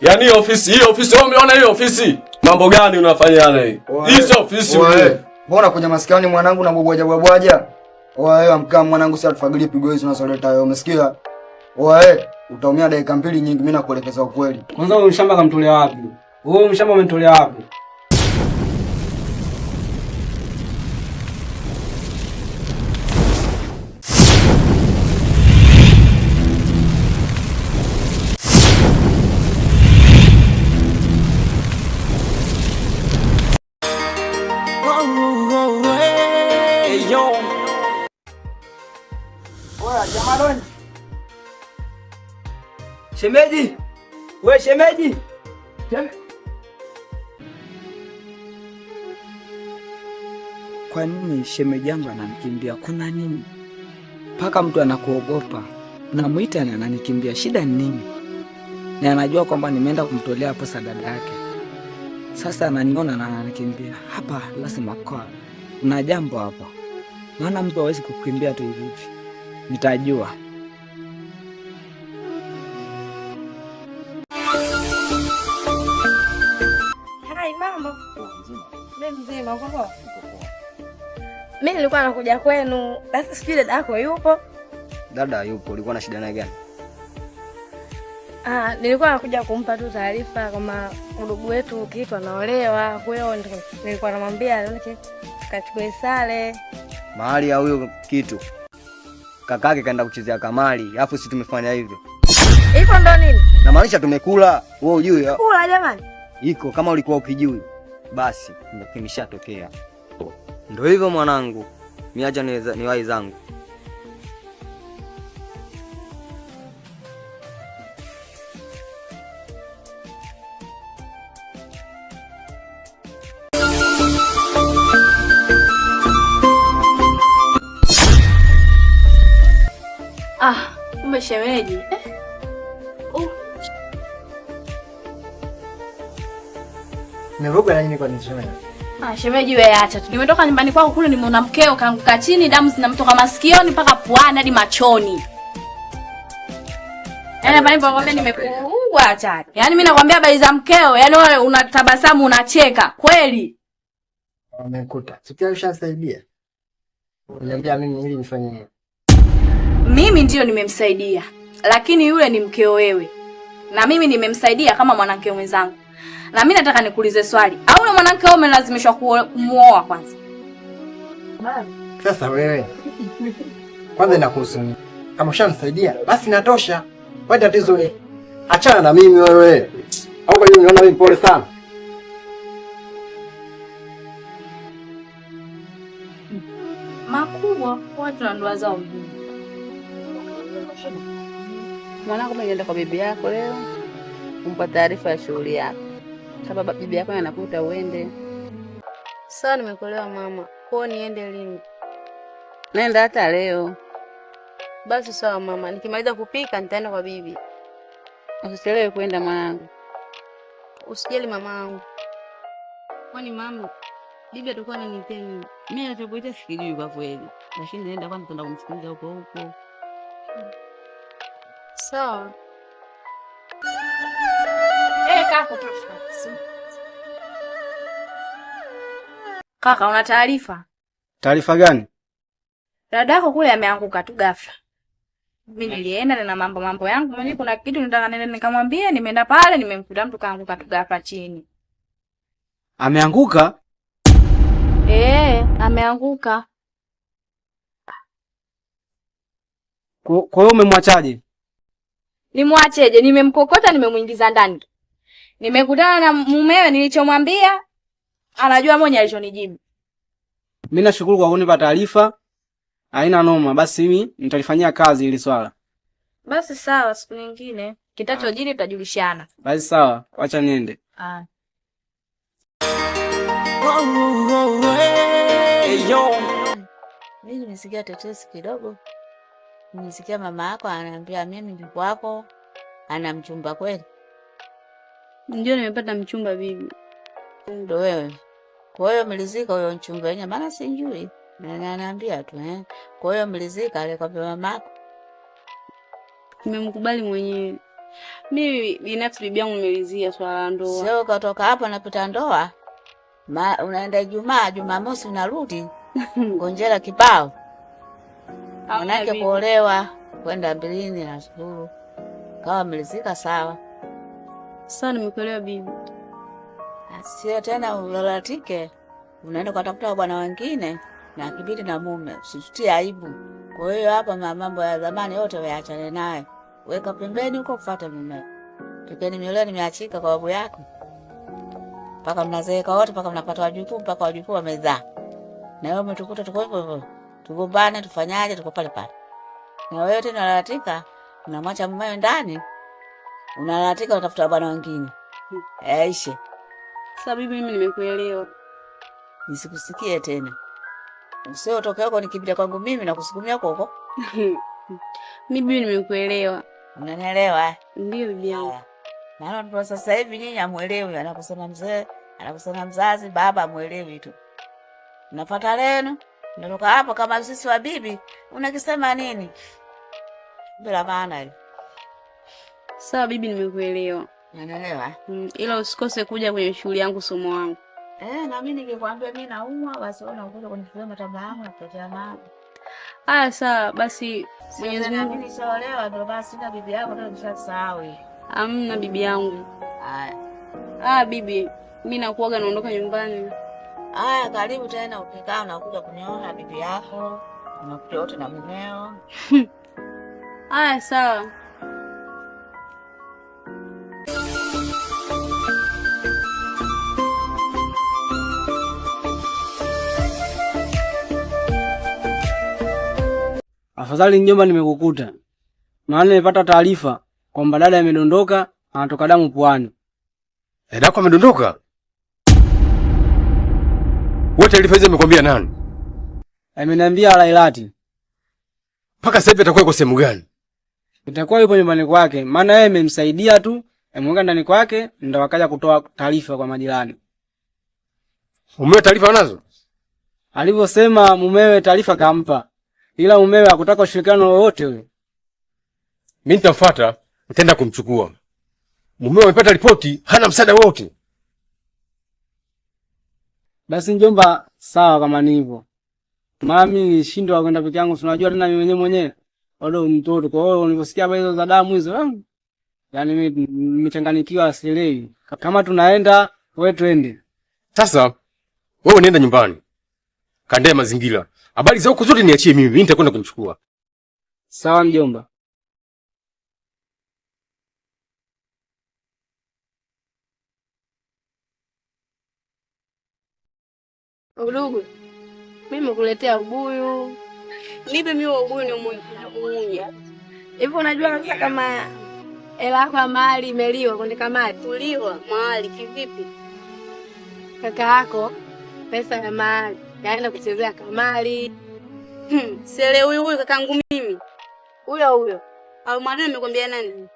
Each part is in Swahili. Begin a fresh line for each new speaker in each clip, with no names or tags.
Yaani hiyo ofisi, hiyo ofisi, wewe umeona hiyo ofisi? Mambo gani unafanya yana hii? Hii ofisi wewe.
Mbona kwenye masikioni mwanangu na bwabwaja bwabwaja? Wewe amkaa mwanangu sasa tufagilie pigo hizo unazoleta wewe. Umesikia? Wewe utaumia dakika mbili nyingi mimi nakuelekeza ukweli.
Kwanza huyo mshamba kamtolea wapi? Huyo mshamba umetolea wapi?
Shemeji, we shemeji.
Kwa nini shemeji yangu ananikimbia? Kuna nini mpaka mtu anakuogopa? Namwita na ananikimbia, shida ni nini? Na anajua kwamba nimeenda kumtolea pesa dada yake, sasa ananiona na ananikimbia. Hapa lazima kwa kuna jambo hapa, maana mtu hawezi kukimbia tu hivi nitajua.
Hai, mzima? Mimi nilikuwa nakuja kwenu. Sasa sijui dada yako yupo?
Dada yupo. Ulikuwa na shida na gani?
Ah, nilikuwa nakuja kumpa tu taarifa kama udugu wetu kitu anaolewa. Kwa hiyo nilikuwa namwambia kachukue sare
mahali ya huyo kitu kakake kaenda kuchezea kamari, alafu si tumefanya hivyo. Hivyo ndo nini? Namaanisha tumekula, wewe ujui.
Eh? Kula jamani.
Iko kama ulikuwa ukijui, basi kimeshatokea. ndo hivyo mwanangu, miacha wai zangu.
shemeji eh. Oh. Ah, shemeji wewe acha tu. Nimetoka nyumbani kwako kule nimeona mkeo kaanguka chini, damu zinamtoka masikioni mpaka puani hadi machoni. Yaani Nimepungua hatari. Yaani mimi nakwambia habari za mkeo, yaani wewe unatabasamu unacheka kweli.
Amekuta. Sikia ushasaidia. Uniambia mimi ili nifanye nini?
Mimi ndiyo nimemsaidia, lakini yule ni mkeo wewe, na mimi nimemsaidia kama mwanamke mwenzangu. Na mimi nataka nikuulize swali, au yule mwanamke wewe umelazimishwa kumuoa kwanza?
Sasa wewe kwanza inakuhusu, kama ushamsaidia basi natosha. Kwa tatizo ni achana na mimi wewe, au kwa hiyo unaona mimi pole sana
makubwa watu na ndoa zao.
Shema, mwanangu, menienda kwa bibi yako leo kumpa taarifa ya shughuli yako, sababu bibi yako anakuta uende.
Sawa, nimekuelewa mama. Kwao niende lini?
Nenda hata leo.
Basi sawa mama, nikimaliza kupika nitaenda kwa bibi.
Usichelewe kwenda mwanangu.
Usijali mamangu.
Kwani mama, bibi atakuwa ananitia nini? Mimi anachokuita sikijui kwa kweli, lakini nenda kwanza, tutaenda kumsikiliza huko huko.
Sawa.
Eh, kaka. una taarifa?
Taarifa gani?
Dadako kule ameanguka tu ghafla. Mimi nilienda na mambo mambo yangu mwenyewe, kuna kitu nataka nenda nikamwambie, nimeenda pale nimemkuta mtu kaanguka tu ghafla chini.
Ameanguka?
Eh, ameanguka.
Kwa hiyo umemwachaje?
Nimwacheje? Nimemkokota, nimemwingiza ndani, nimekutana na mumewe, nilichomwambia anajua mwenye alichonijibu.
Mimi nashukuru kwa kunipa taarifa, haina noma. Basi mimi nitalifanyia kazi ili swala.
Basi sawa, siku nyingine kitachojiri ah. tutajulishana.
Basi sawa, wacha niende. Ah.
Mimi nimesikia tetesi kidogo Nisikia mama yako anaambia mimi ndugu wako ana mchumba kweli?
Ndio, nimepata mchumba bibi.
Ndio wewe. Kwa hiyo mlizika huyo mchumba wenye maana sijui na tu eh. Kwa hiyo mlizika ile kwa mama yako,
nimemkubali mwenyewe mimi binafsi. Bibi yangu nimelizia swala la ndoa,
sio katoka hapo napita ndoa ma, unaenda Ijumaa, Jumamosi unarudi ngonjera kibao Ah, Mwanake kuolewa kwenda bilini, nashukuru kawa mlizika sawa.
Sasa nimekuelewa bibi,
ah, sio tena ulalatike, unaenda kutafuta bwana wengine na kibidi na mume, usijutie aibu. Kwa hiyo hapa mambo ya zamani yote weachane naye, weka pembeni huko, kufuata mume. Tukeni mioleo nimeachika kwa babu yako, mpaka mnazeeka wote, mpaka mnapata wajukuu, mpaka wajukuu wamezaa, na wewe umetukuta tuko hivyo hivyo tugombane, tufanyaje, tuko pale pale. Na wewe tena unalatika, unamwacha mume ndani, unalatika, unatafuta bwana wengine. Hmm. Aishe.
sasa bibi, mimi nimekuelewa,
nisikusikie tena. Usio utoke huko nikipita kwangu mimi na kusukumia huko huko.
Mimi bibi, nimekuelewa.
Unanielewa? Eh?
Ndio bibi yangu.
Maana ndio sasa hivi nyinyi amuelewi, anakusema mzee, anakusema mzazi, baba amuelewi tu. Nafuata leno. Ndonoka hapo kama sisi wabibi, unakisema nini? Bila maana ile.
Sawa bibi, nimekuelewa. Unaelewa? Mm, ila usikose kuja kwenye shughuli yangu somo wangu.
Eh, na mimi nikikwambia mimi naumwa basi wewe unakuja kunifuata matamba yangu na kutetea mama.
Ah, sawa basi
Mwenyezi Mungu. Mimi nishaolewa ndio basi na bibi yako ndio nishasahau.
Amna bibi yangu. Haya. Ah, bibi, mimi nakuaga naondoka nyumbani.
Aya, karibu tena, ukikaa unakuja kuniona bibi yako, unakuja wote na mumeo.
Aya, sawa.
Afadhali nyumba nimekukuta maana nimepata taarifa kwamba dada amedondoka, anatoka damu puani.
Dadako amedondoka? Wewe taarifa hizi amekwambia nani?
Ameniambia Lailati.
Mpaka sasa hivi atakuwa yuko sehemu gani?
Itakuwa yupo nyumbani kwake, maana yeye amemsaidia tu, amemweka ndani kwake ndio akaja kutoa taarifa kwa majirani.
Mumewe taarifa nazo?
Alivyosema mumewe taarifa kampa. Ila mumewe hakutaka ushirikiano wowote huyo.
Mimi nitamfuata, nitaenda kumchukua. Mumewe amepata ripoti, hana msaada wote.
Basi njomba, sawa kama ni hivyo. Mami nishindwa kwenda peke yangu, unajua tena mimi mwenyewe mwenyewe bado mtoto. Kwa hiyo niliposikia habari hizo za damu hizo, eh? yani mimi nimechanganyikiwa asielewi. Kama tunaenda wewe twende.
Sasa wewe unaenda nyumbani. Kandae mazingira. Habari za huko zote niachie mimi, mimi nitakwenda kumchukua.
Sawa mjomba.
Udugu, mimi nimekuletea ubuyu.
Nipe mimi ubuyu ni umuja. Hivi unajua kabisa kama hela yako ya mali imeliwa kwenye kamati. Kuliwa mahali kivipi? Kaka yako pesa ya mali yaenda kuchezea kamari. Hmm, sielewi huyu kakangu mimi. Huyo huyo. Au mwalimu amekwambia nani?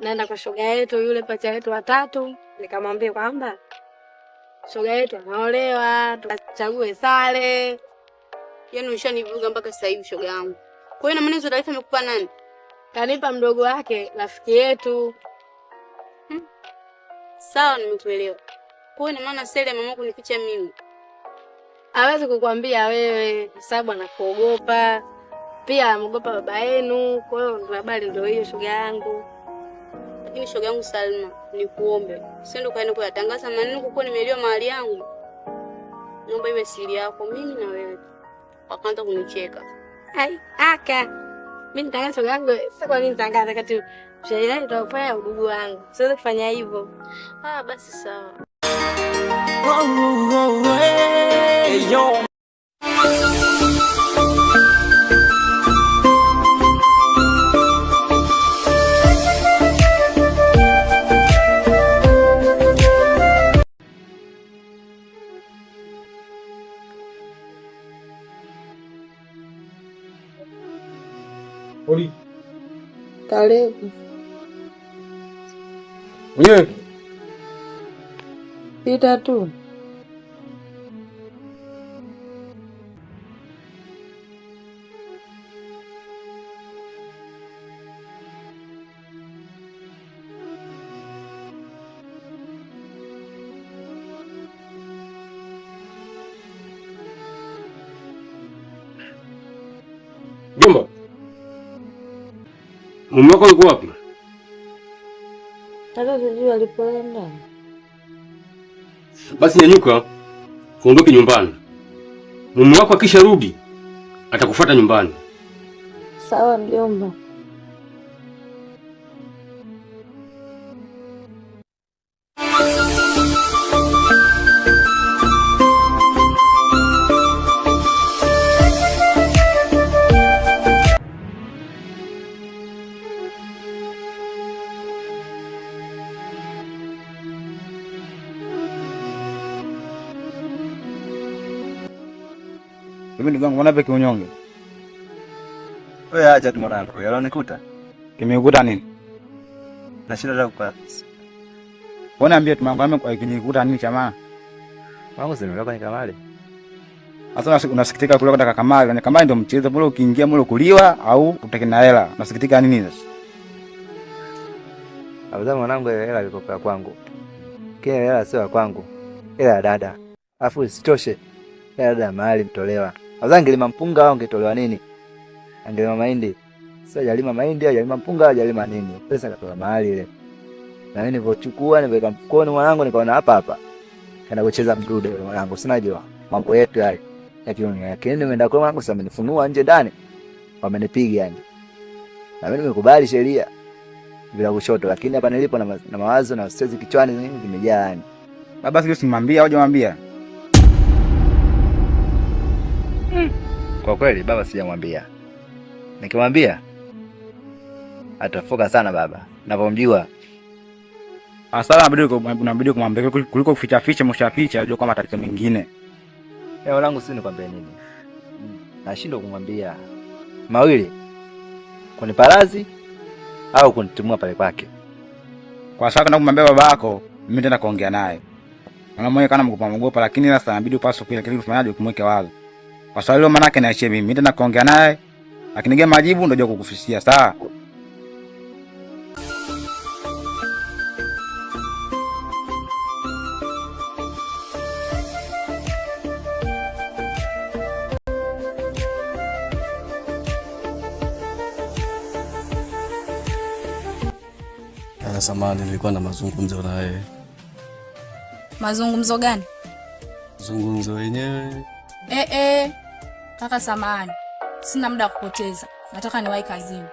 Naenda kwa shoga yetu yule pacha yetu watatu, nikamwambia kwamba shoga yetu anaolewa, tukachague sare. Yaani ushanivuga mpaka sasa hivi shoga yangu. Kwa hiyo na maana hizo taarifa amekupa nani? Kanipa mdogo wake rafiki yetu. Hmm. Sawa, nimekuelewa. Kwa hiyo na maana Sele ameamua kunificha mimi. Hawezi kukwambia wewe sababu anakuogopa. Pia amogopa baba yenu. Kwa hiyo ndo habari ndio hiyo shoga yangu. Lakini shoga yangu Salma, nikuombe usiende ukaenda kuyatangaza maneno kuko nimeliwa mahali yangu. Naomba iwe siri yako, mimi na wewe. Wakaanza kunicheka. Ai, aka. Mimi nitangaza shoga yangu, sasa kwa nini nitangaza kati Shaila nitafanya udugu wangu. Siwezi kufanya hivyo. Ah, basi sawa. Oh, oh, oh, hey, eh, yo.
Karibu.
Karibu. Mwenyewe. Pita tu.
Mume wako yuko wapi?
Hata sijui alipoenda.
Basi nyanyuka uondoke nyumbani. Mume wako akisharudi atakufuata nyumbani.
Sawa mjomba.
Mimi ndugu yangu, mbona hapa kiunyonge?
Wewe acha tu mwanangu, yalonikuta.
Kimekuta nini?
Na shida za kukaa.
Mbona ambia tu mwanangu kinikuta nini chama?
Mwanangu sema lako ni kamali.
Sasa yaani unasikitika kule kwenda kakamali, na kamale ndio mchezo mbona ukiingia mbona kuliwa au utaki na hela. Unasikitika yaani nini sasa?
Abuzama mwanangu, hela kwa kwangu. Kile hela sio ya kwangu. Hela ya dada. Afu isitoshe. Hela dada mahali mtolewa. Nadhani angelima mpunga au angetolewa nini? Angelima mahindi. Sasa hajalima mahindi, hajalima mpunga, hajalima nini? Pesa katoa mahali ile. Na mimi nilipochukua nimeweka mfukoni mwanangu nikaona hapa hapa. Kana kucheza mdude yule mwanangu, sina jua. Mambo yetu hayo. Lakini yake nimeenda kwa mwanangu sasa amenifunua nje ndani. Wamenipiga yani. Na mimi nimekubali sheria bila kushoto, lakini hapa nilipo na, ma na mawazo na stress kichwani zimejaa yani.
Baba sio simwambia au jamwambia?
Kwa kweli baba sijamwambia, nikimwambia atafoka sana baba napomjua.
Hasara unabidi kumwambia kuliko kuficha ficha mosha ficha, unajua kama tatizo mengine.
Leo langu si nikwambia nini, nashindwa kumwambia mawili, kuniparazi au kunitumua pale kwake.
Kwa sababu na kumwambia babako, mimi tena kuongea naye, unamwona kana mkupa mgopa, lakini sasa inabidi upaswe kile kile, kufanyaje kumweka wazi kwa swali hilo manake niachie mimi. Mimi tena kuongea naye. Akinigia majibu ndio kukufishia sawa.
Samani, nilikuwa na mazungumzo naye.
Mazungumzo gani?
Mazungumzo yenyewe.
Eh eh. Kaka samani sina muda wa kupoteza, nataka niwahi kazini.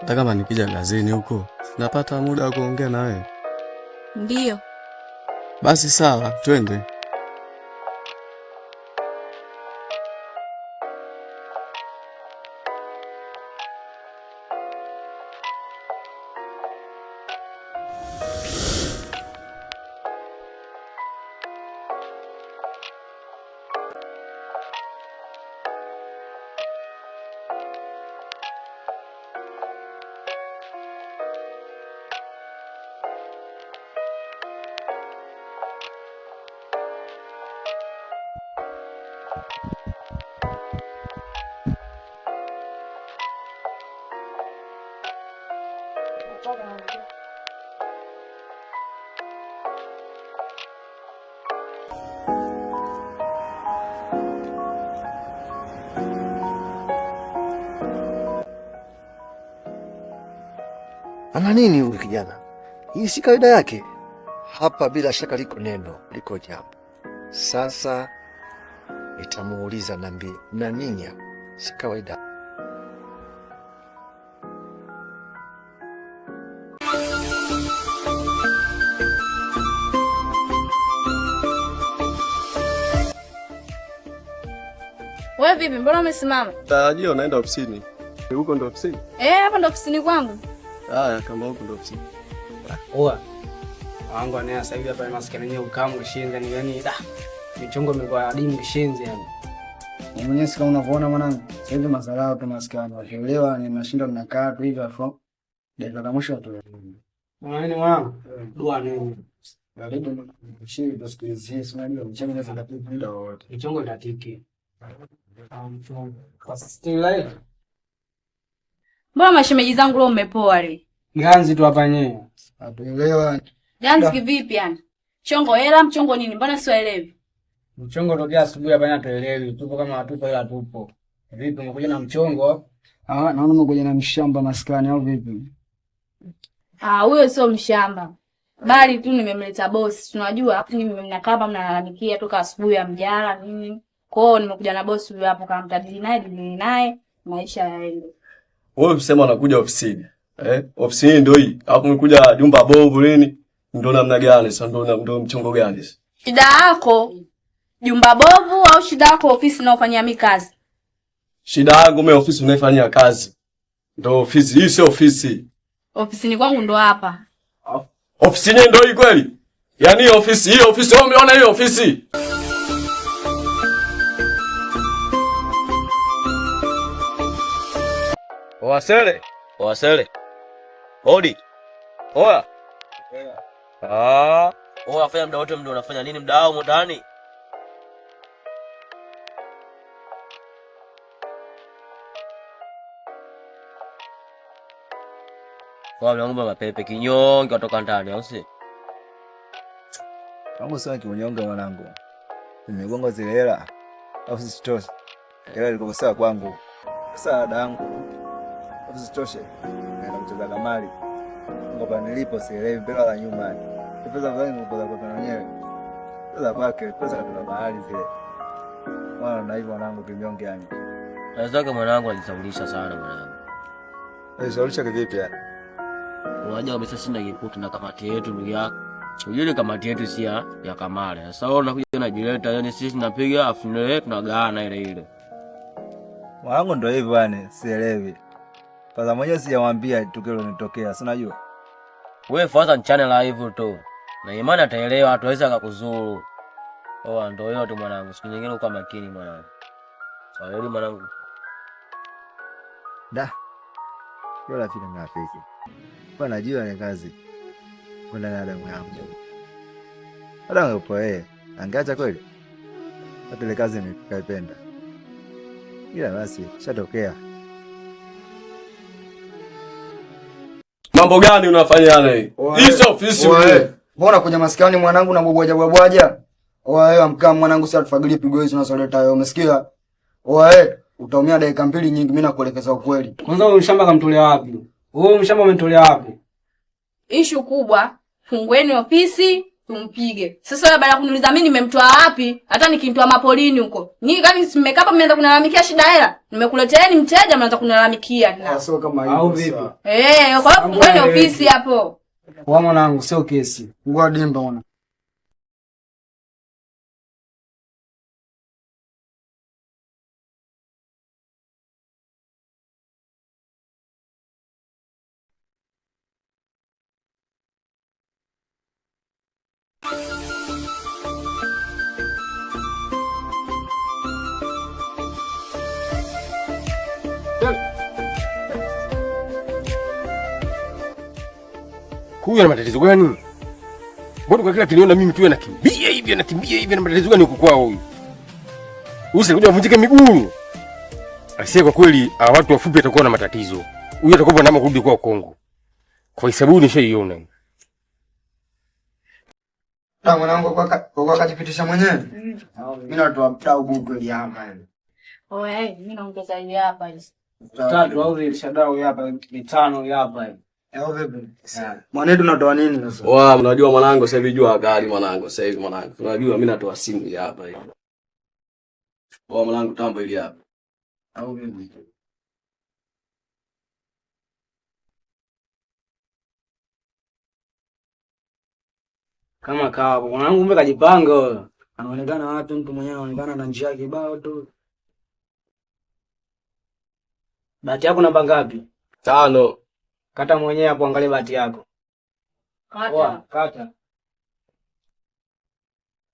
Hata kama nikija kazini huko napata muda wa kuongea nawe. Ndio Ndiyo. Basi sawa, twende.
Ana nini huyu kijana? Hii si kawaida yake. Hapa bila shaka liko neno, liko jambo. Sasa nitamuuliza nambie, na nini? Si kawaida.
Wewe vipi, mbona umesimama?
Tarajio naenda ofisini. Huko ndo ofisini?
Eh, hapa ndo ofisini kwangu.
Haya, ah, kamba huku ndo ofisini.
Oa. Wangu ukamu ni da. adimu
Ni mwenyewe sika unavyoona mwanangu. Sasa hivi mazalao tu maskani wakielewa ni mashindo mnakaa tu hivi afro. Dakika za mwisho tu.
Mwanani mwanangu. Dua
Mbona mashemeji zangu leo mmepoa le?
Ganzi tu hapa Apelewa.
Ganzi kivipi yani? Chongo hela, mchongo nini? Mbona siwaelewi?
Mchongo tokea asubuhi hapa hatuelewi. Tupo kama watupo ila tupo. Vipi umekuja na mchongo? Ah, naona umekuja na mshamba maskani au vipi?
Ah, huyo sio mshamba. Bali tu nimemleta bosi. Tunajua hapo mimi mnakaa hapa mnalalamikia toka asubuhi ya mjara nini. Kwao nimekuja na bosi huyo hapo kama mtadili naye, dili naye maisha yaende
wewe usema unakuja ofisini eh, ofisini ndio hii hapo, umekuja jumba bovu nini, ndio namna gani sasa? Ndio ndio mchongo gani sasa?
Shida yako jumba bovu au shida yako ofisi unaofanyia mimi kazi?
Shida yangu mimi ofisi unaifanyia kazi, ndio ofisi hii, sio ofisi.
Ofisini kwangu ndo hapa.
Ofisini ndio hii kweli? Yaani ofisi hii ofisi, wewe umeona hii ofisi?
Owasele, owasele, odi oya, Ah.
Oya fanya mda wote, mdo unafanya nini mda wao motani? Ng'ombe mapepe kinyonge kutoka ndani, au si?
Kama sasa kinyonge mwanangu, nimegonga zile hela, Au sisitosi hela ilikosa kwangu, sasa dadangu Usitoshe na kucheza kamari ngoba nilipo sielewi pesa la nyuma, pesa zangu kwa kwa mwenyewe, pesa kwake, pesa kwa mahali zile. Mwana na hivyo wanangu kinyonge yani,
nawezaka mwanangu anajisaulisha sana. Mwanangu
anajisaulisha kivipi? ya?
unajua kabisa sina kiputu na kamati yetu, ndugu yako Ujili kamati yetu si ya kamari. Sasa wewe unakuja unajileta, yani sisi tunapiga afu tunagawana ile ile.
Mwanangu ndio hivyo yani, sielewi kwanza mwenye sijawaambia tukio linatokea, si najua.
Wewe fuata la live tu. Na imani ataelewa, hatuwezi akakuzuru. Oh, ndio yote mwanangu. Siku nyingine uko makini mwanangu. Sawa mwanangu.
Da. Yule rafiki na Kwa najua ni kazi. Kwenda na damu yangu. Hata ungepoa yeye. Angeacha kweli? Hata ile kazi nikaipenda. Ila basi, shatokea.
Mambo gani unafanya yale? Hii sio ofisi.
Mbona kuja maskani mwanangu na bwabwaja bwabwaja? Oae, amka mwanangu, si tufagilie pigo hizo unazoleta wewe. Umesikia? Oae, utaumia dakika mbili nyingi, mimi nakuelekeza ukweli.
Kwanza wewe mshamba kamtolea wapi? Wewe mshamba umetolea wapi?
Ishu kubwa. Fungueni ofisi, tumpige. Sasa baada ya kuniuliza mimi nimemtoa wapi, hata nikimtoa mapolini huko. Nyinyi kani simmekaa hapa mmeanza kunalamikia shida hela. ni mteja mnaanza kunalamikia
na. Ah, sio kama hivyo. Au vipi?
Eh, kwa hiyo ofisi hapo.
Wa mwanangu sio kesi. Ngoa dimba ona.
Huyu ana matatizo gani? Mbona kwa kila kiniona mimi tu anakimbia hivi anakimbia hivi, na matatizo gani huko kwao huyu? Usi kuja mvunjike miguu. Asiye kwa kweli watu wafupi atakuwa na matatizo. Huyu atakuwa na kurudi kwa Kongo. Kwa sababu ni hesabu yona.
Tangu mwanangu kwa kwa kajipitisha mwenyewe. Mimi na watu wa mtaa bubu ndio hapa yani.
Oe, eh, mimi naongeza hiyo hapa
Tatu au ile shadao hapa mitano hapa Mwane tunatoa nini sasa? Wa, unajua mwanangu sasa hivi jua gari mwanangu sasa hivi mwanangu. Unajua mimi natoa simu ya hapa Wa mwanangu tambo ili hapa. Au mimi. Kama kawapo mwanangu mbe kajipanga. Anaonekana watu mtu mwenyewe anaonekana na njia kibao tu. Bahati yako namba ngapi? Tano. Kata mwenyewe hapo, angalia bati yako.
Kata. Oa, kata.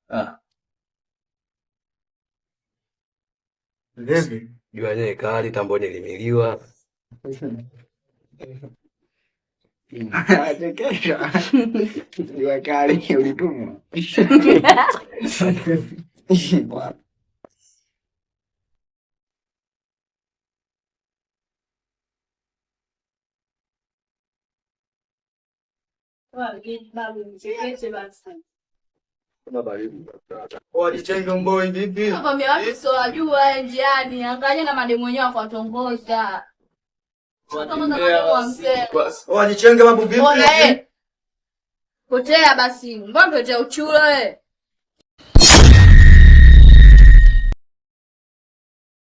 Ah. Jua nye kali tambo nilimiliwa
jua kali ulitumwa
wajichenge watu
siwajua njiani, angalia na mademu wenyewe wakuwatongoza
wajichenge mambo
vipi? Potea basi, mbona potea uchule